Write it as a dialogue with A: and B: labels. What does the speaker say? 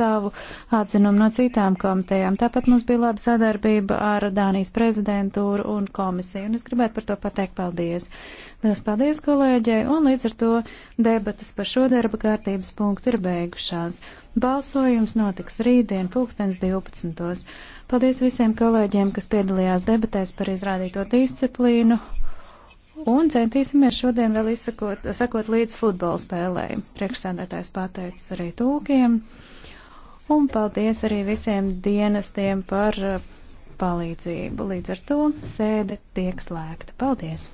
A: savu atzinumu no citām komitejām. Tāpat mums bija laba sadarbība ar Dānijas prezidentūru un komisiju, un es gribētu par to pateikt paldies. Lielas paldies kolēģei, un līdz ar to debatas par šo darba kārtības punktu ir beigušās. Balsojums notiks rītdien, pulkstens 12. Paldies visiem kolēģiem, kas piedalījās debatēs par izrādīto disciplīnu, Un centīsimies šodien vēl izsakot, sakot līdz futbola spēlēm. Priekšsēdētājs pateicis arī tūkiem un paldies arī visiem dienestiem par uh, palīdzību. Līdz ar to sēde tiek slēgta. Paldies!